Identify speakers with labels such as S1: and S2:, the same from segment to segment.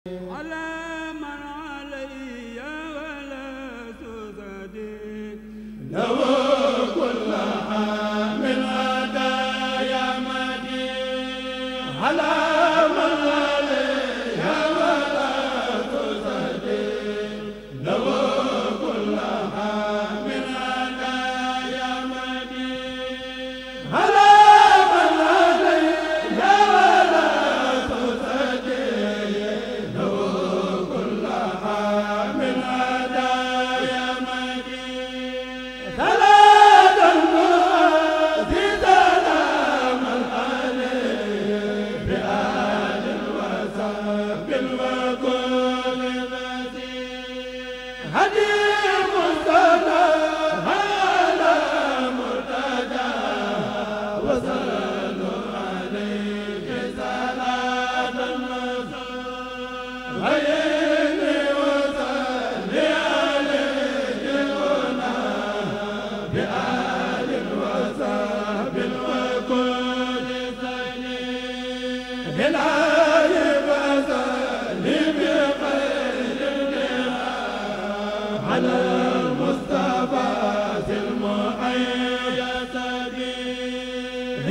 S1: la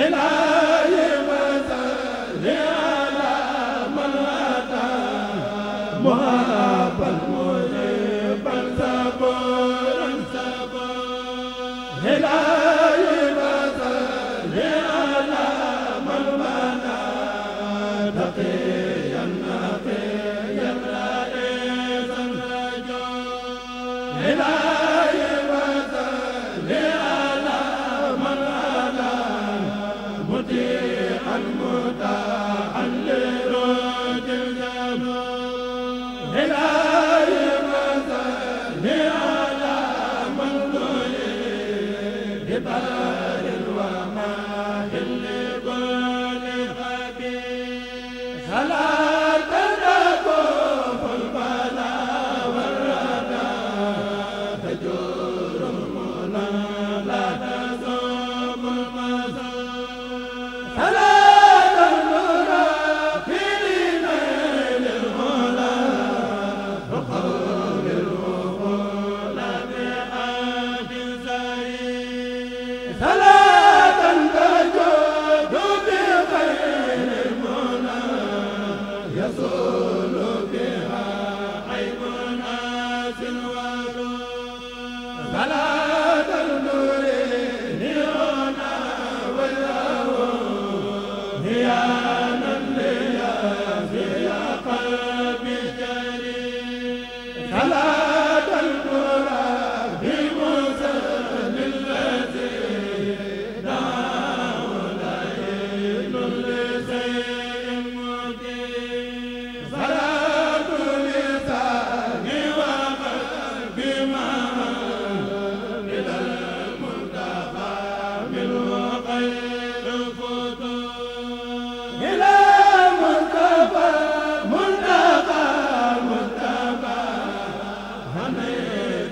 S1: ila moo la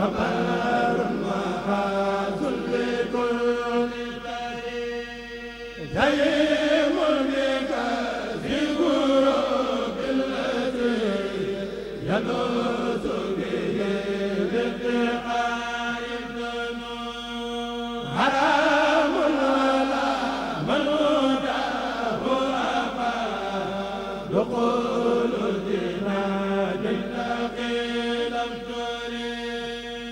S1: Baba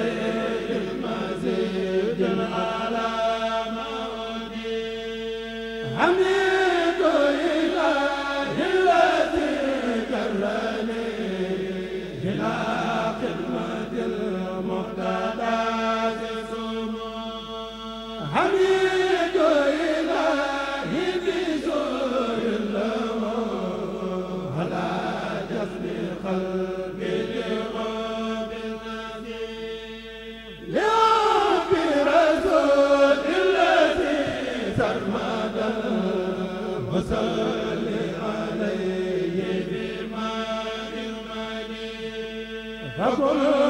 S1: xayr Rabbul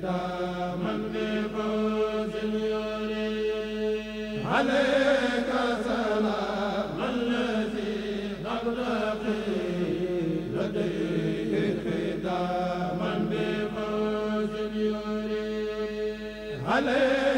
S1: daa ale